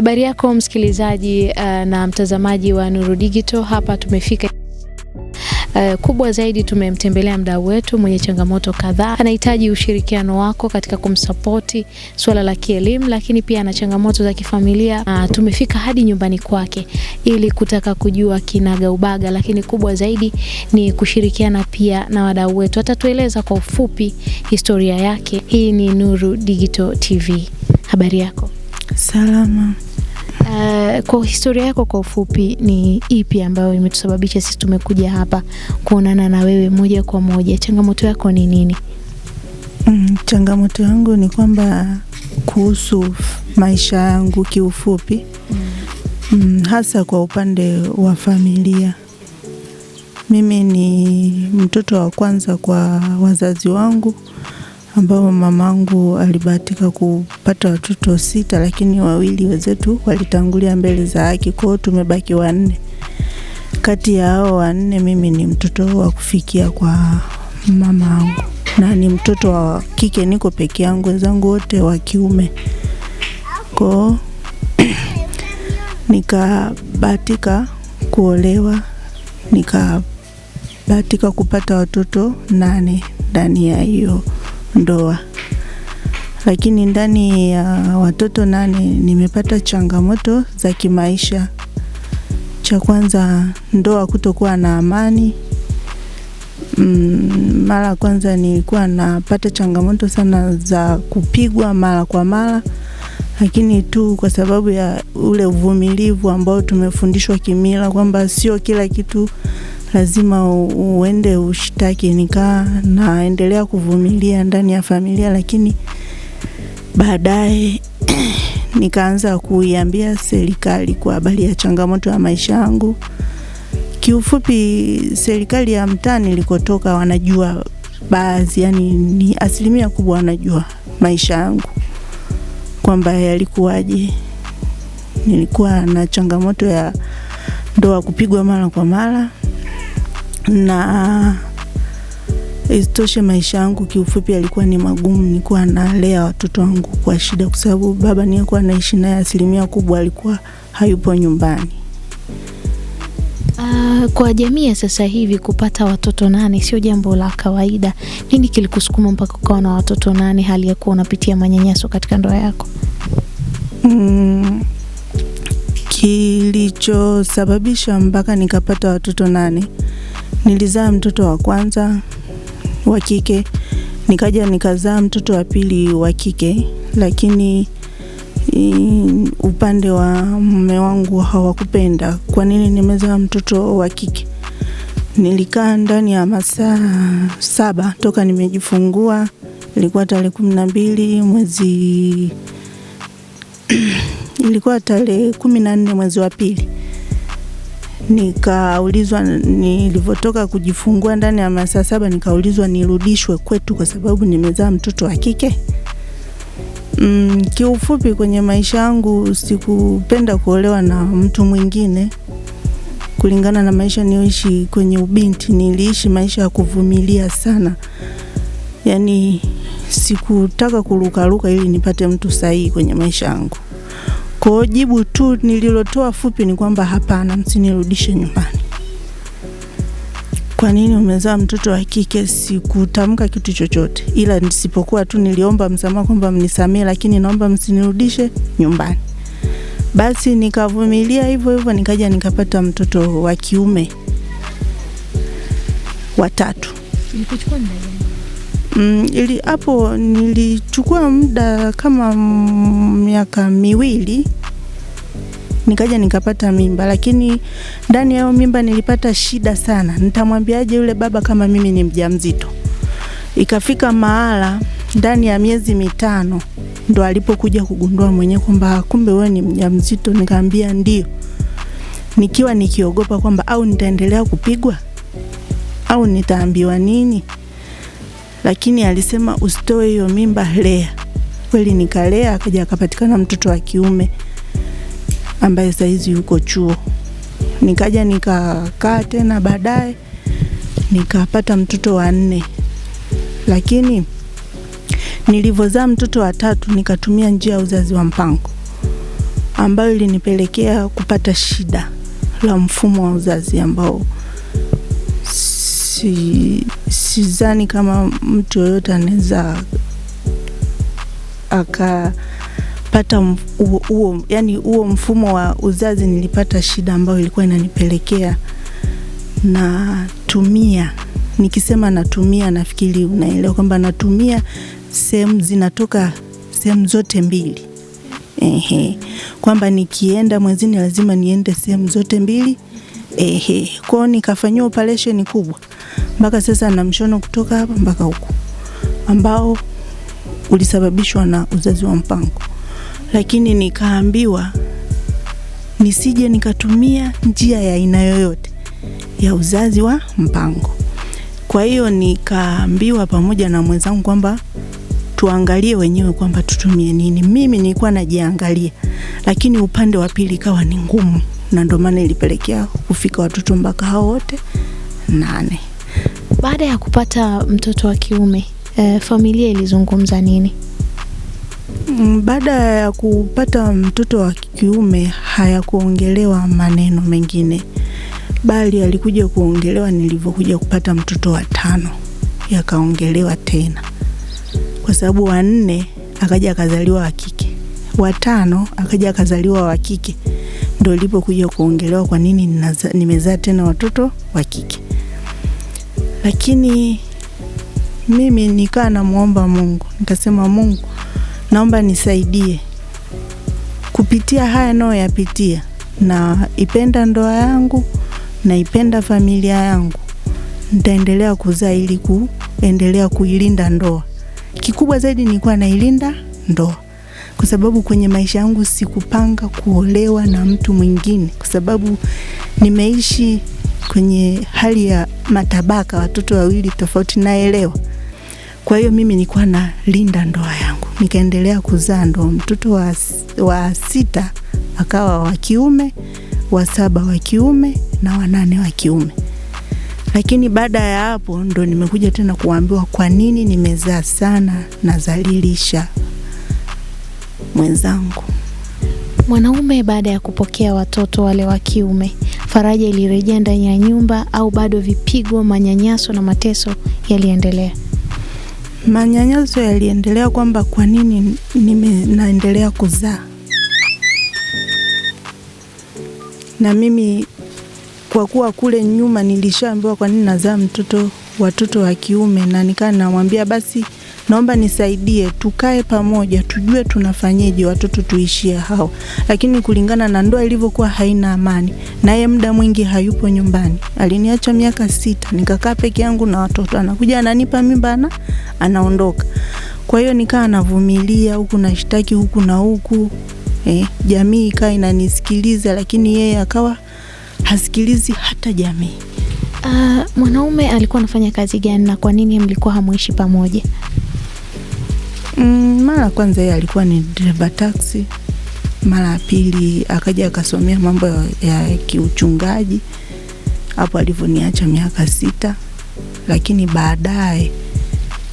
Habari yako msikilizaji uh, na mtazamaji wa Nuru Digital, hapa tumefika Uh, kubwa zaidi tumemtembelea mdau wetu mwenye changamoto kadhaa, anahitaji ushirikiano wako katika kumsapoti swala la kielimu, lakini pia ana changamoto za kifamilia. Uh, tumefika hadi nyumbani kwake ili kutaka kujua kinagaubaga, lakini kubwa zaidi ni kushirikiana pia na wadau wetu. Atatueleza kwa ufupi historia yake. Hii ni Nuru Digital TV. Habari yako? Salama. Eh, kwa historia yako kwa ufupi ni ipi ambayo imetusababisha sisi tumekuja hapa kuonana na wewe moja kwa moja? Changamoto yako ni nini? Mm, changamoto yangu ni kwamba kuhusu maisha yangu kiufupi, mm. Mm, hasa kwa upande wa familia. Mimi ni mtoto wa kwanza kwa wazazi wangu ambao mamangu alibahatika kupata watoto sita, lakini wawili wenzetu walitangulia mbele za haki, kwao tumebaki wanne. Kati ya hao wanne mimi ni mtoto wa kufikia kwa mama angu na ni mtoto wa kike, niko peke yangu, wenzangu wote wa kiume. Kwao nikabahatika kuolewa, nikabahatika kupata watoto nane ndani ya hiyo ndoa, lakini ndani ya watoto nane nimepata changamoto za kimaisha. Cha kwanza ndoa, kutokuwa na amani mm, mara kwanza nilikuwa napata changamoto sana za kupigwa mara kwa mara, lakini tu kwa sababu ya ule uvumilivu ambao tumefundishwa kimila kwamba sio kila kitu lazima uende ushtaki. Nikaa naendelea kuvumilia ndani ya familia, lakini baadaye nikaanza kuiambia serikali kwa habari ya changamoto ya maisha yangu. Kiufupi, serikali ya mtaa nilikotoka wanajua baadhi, yani ni asilimia kubwa wanajua maisha yangu kwamba yalikuwaje. Nilikuwa na changamoto ya ndoa kupigwa mara kwa mara na isitoshe maisha yangu kiufupi alikuwa ni magumu. Nilikuwa nalea watoto wangu kwa shida, kwa sababu baba niyekuwa naishi naye asilimia kubwa alikuwa hayupo nyumbani. Uh, kwa jamii ya sasa hivi kupata watoto nane sio jambo la kawaida. Nini kilikusukuma mpaka ukawa na watoto nane hali ya kuwa unapitia manyanyaso katika ndoa yako? Mm, kilichosababisha mpaka nikapata watoto nane Nilizaa mtoto wa kwanza wa kike, nikaja nikazaa mtoto wa pili wa kike, lakini upande wa mume wangu hawakupenda kwa nini nimezaa mtoto wa kike. Nilikaa ndani ya masaa saba toka nimejifungua, ilikuwa tarehe kumi na mbili mwezi ilikuwa tarehe kumi na nne mwezi wa pili nikaulizwa nilivyotoka kujifungua ndani ya masaa saba, nikaulizwa nirudishwe kwetu kwa sababu nimezaa mtoto wa kike. Mm, kiufupi kwenye maisha yangu sikupenda kuolewa na mtu mwingine kulingana na maisha niyoishi kwenye ubinti. Niliishi maisha ya kuvumilia sana, yaani sikutaka kurukaruka ili nipate mtu sahihi kwenye maisha yangu. Kwa hiyo jibu tu nililotoa fupi ni kwamba hapana, msinirudishe nyumbani. Kwa nini umezaa mtoto wa kike? Sikutamka kitu chochote, ila nisipokuwa tu niliomba msamaha kwamba mnisamee, lakini naomba msinirudishe nyumbani. Basi nikavumilia hivyo hivyo, nikaja nikapata mtoto wa kiume watatu. Ilikuchukua muda gani? Mm, ili hapo nilichukua muda kama miaka miwili nikaja nikapata mimba, lakini ndani ya mimba nilipata shida sana. Nitamwambiaje yule baba kama mimi ni mjamzito? Ikafika mahala ndani ya miezi mitano ndo alipokuja kugundua mwenyewe kwamba kumbe wewe ni mjamzito. Nikaambia ndio, nikiwa nikiogopa kwamba au nitaendelea kupigwa au nitaambiwa nini lakini alisema usitoe hiyo mimba, lea. Kweli nikalea, akaja akapatikana mtoto wa kiume ambaye saizi yuko chuo. Nikaja nikakaa tena baadaye nikapata mtoto wa nne, lakini nilivyozaa mtoto wa tatu nikatumia njia ya uzazi wa mpango ambayo ilinipelekea kupata shida la mfumo wa uzazi ambao si sizani kama mtu yoyote anaweza akapata huo, yani huo mfumo wa uzazi. Nilipata shida ambayo ilikuwa inanipelekea natumia, nikisema natumia, nafikiri unaelewa kwamba natumia, sehemu zinatoka sehemu zote mbili. Ehe, kwamba nikienda mwezini lazima niende sehemu zote mbili. Ehe, kwao nikafanyiwa operesheni kubwa mpaka sasa na mshono kutoka hapa mpaka huku ambao ulisababishwa na uzazi wa mpango, lakini nikaambiwa nisije nikatumia njia ya aina yoyote ya uzazi wa mpango. Kwa hiyo nikaambiwa pamoja na mwenzangu kwamba tuangalie wenyewe kwamba tutumie nini. Mimi nilikuwa najiangalia, lakini upande wa pili ikawa ni ngumu, na ndio maana ilipelekea kufika watoto mpaka hao wote nane. Baada ya kupata mtoto wa kiume e, familia ilizungumza nini? Mm, baada ya kupata mtoto wa kiume hayakuongelewa maneno mengine, bali alikuja kuongelewa nilivyokuja kupata mtoto wa tano, yakaongelewa tena, kwa sababu wanne akaja akazaliwa wa kike, watano akaja akazaliwa wa kike, ndio ilipokuja kuongelewa kwa nini nimezaa tena watoto wa kike lakini mimi nikaa namwomba Mungu, nikasema Mungu, naomba nisaidie kupitia haya nayoyapitia. Naipenda ndoa yangu, naipenda familia yangu, nitaendelea kuzaa ili kuendelea kuilinda ndoa. Kikubwa zaidi nilikuwa nailinda ndoa, kwa sababu kwenye maisha yangu sikupanga kuolewa na mtu mwingine, kwa sababu nimeishi kwenye hali ya matabaka, watoto wawili tofauti, naelewa. Kwa hiyo mimi nilikuwa nalinda ndoa yangu, nikaendelea kuzaa ndo mtoto wa, wa sita akawa wa kiume, wa saba wa kiume na wanane wa kiume. Lakini baada ya hapo ndo nimekuja tena kuambiwa kwa nini nimezaa sana nazalilisha mwenzangu mwanaume. Baada ya kupokea watoto wale wa kiume, Faraja ilirejea ndani ya nyumba au bado vipigo, manyanyaso na mateso yaliendelea? Manyanyaso yaliendelea, kwamba kwa nini naendelea kuzaa na mimi kwa kuwa kule nyuma nilishaambiwa kwa nini nazaa mtoto watoto wa kiume, na nikaa namwambia basi naomba nisaidie, tukae pamoja, tujue tunafanyeje, watoto tuishie hao. Lakini kulingana na ndoa ilivyokuwa haina amani, naye muda mwingi hayupo nyumbani. Aliniacha miaka sita, nikakaa peke yangu na watoto, anakuja ananipa mimba na anaondoka. Kwa hiyo nikaa navumilia huku nashtaki huku na huku eh, jamii ikaa inanisikiliza, lakini yeye akawa hasikilizi hata jamii. Uh, mwanaume alikuwa anafanya kazi gani na kwa nini mlikuwa hamuishi pamoja? Mm, mara kwanza yeye alikuwa ni dereva taksi, mara ya pili akaja akasomea mambo ya, ya kiuchungaji hapo alivyoniacha miaka sita, lakini baadaye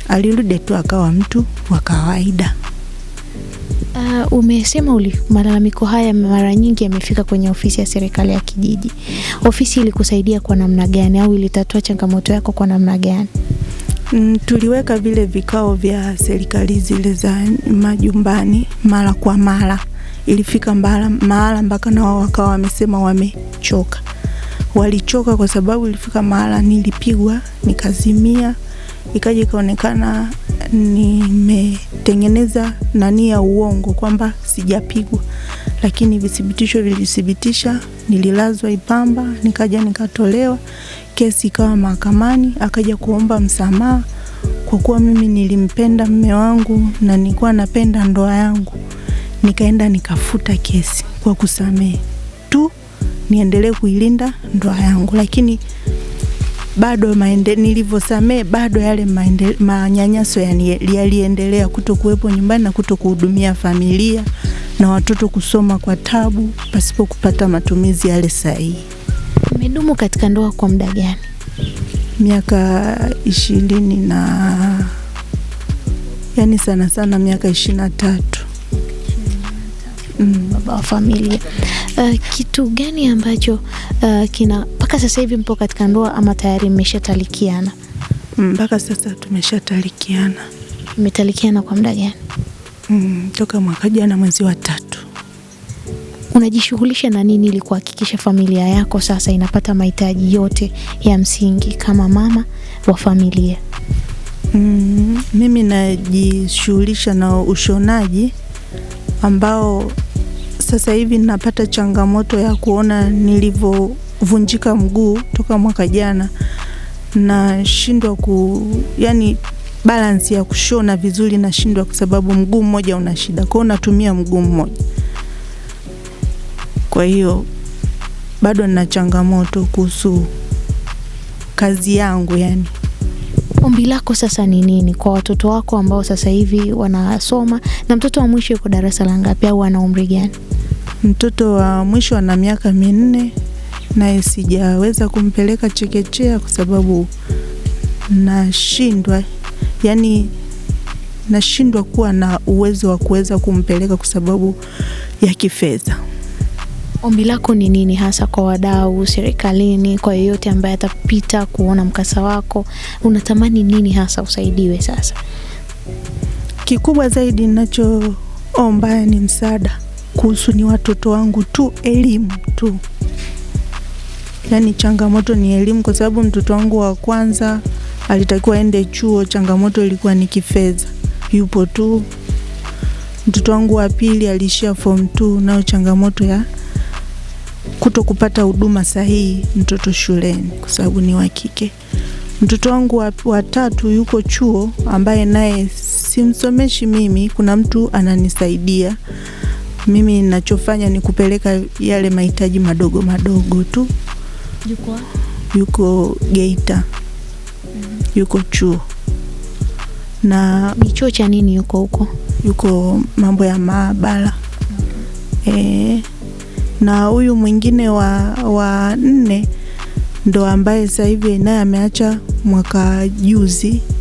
alirudi tu akawa mtu wa kawaida. Uh, umesema malalamiko haya mara nyingi yamefika kwenye ofisi ya serikali ya kijiji. Ofisi ilikusaidia kwa namna gani au ilitatua changamoto yako kwa namna gani? Mm, tuliweka vile vikao vya serikali zile za majumbani mara kwa mara, ilifika mahala mpaka na wao wakawa wamesema wamechoka. Walichoka kwa sababu ilifika mahala nilipigwa nikazimia, ikaja ikaonekana nimetengeneza nani ya uongo kwamba sijapigwa, lakini vithibitisho vilithibitisha. Nililazwa Ipamba, nikaja nikatolewa, kesi ikawa mahakamani, akaja kuomba msamaha kwa kuwa mimi nilimpenda mme wangu na nilikuwa napenda ndoa yangu. Nikaenda nikafuta kesi kwa kusamehe tu niendelee kuilinda ndoa yangu, lakini bado maende, nilivyosamehe bado yale maende, manyanyaso yaliendelea kuto kuwepo nyumbani na kuto kuhudumia familia na watoto kusoma kwa tabu pasipo kupata matumizi yale sahihi. Umedumu katika ndoa kwa muda gani? Miaka ishirini na yani sana sana miaka ishirini na tatu. Mm. Baba wa familia uh, kitu gani ambacho uh, kina mpaka sasa hivi mpo katika ndoa ama tayari mmeshatalikiana? Mm, mpaka mm, sasa tumeshatalikiana. Mmetalikiana kwa muda gani? Mm, toka mwaka jana mwezi wa tatu unajishughulisha na nini ili kuhakikisha familia yako sasa inapata mahitaji yote ya msingi kama mama wa familia? Mm, mimi najishughulisha na ushonaji ambao sasa hivi napata changamoto ya kuona nilivyovunjika mguu toka mwaka jana, nashindwa ku yani balansi ya kushona vizuri nashindwa, kwa sababu mguu mmoja una shida kwao, natumia mguu mmoja kwa hiyo bado nina changamoto kuhusu kazi yangu yani. Ombi lako sasa ni nini kwa watoto wako ambao sasa hivi wanasoma? Na mtoto wa mwisho yuko darasa la ngapi au ana umri gani? Mtoto wa mwisho ana miaka minne, naye sijaweza kumpeleka chekechea kwa sababu nashindwa, yani nashindwa kuwa na uwezo wa kuweza kumpeleka kwa sababu ya kifedha. Ombi lako ni nini hasa kwa wadau serikalini, kwa yeyote ambaye atapita kuona mkasa wako? Unatamani nini hasa usaidiwe? Sasa kikubwa zaidi ninachoomba ni msaada kuhusu ni watoto wangu tu, elimu tu, yaani changamoto ni elimu, kwa sababu mtoto wangu wa kwanza alitakiwa ende chuo, changamoto ilikuwa ni kifedha, yupo tu. Mtoto wangu wa pili alishia fom 2 nayo changamoto ya kuto kupata huduma sahihi mtoto shuleni kwa sababu ni wa kike. Mtoto wangu wa tatu yuko chuo, ambaye naye simsomeshi mimi, kuna mtu ananisaidia mimi. Ninachofanya ni kupeleka yale mahitaji madogo madogo tu. Yuko, yuko Geita, mm-hmm. yuko chuo na ni chuo cha nini? Yuko huko, yuko mambo ya maabara. E, na huyu mwingine wa, wa nne ndo ambaye sasa hivi naye ameacha mwaka juzi.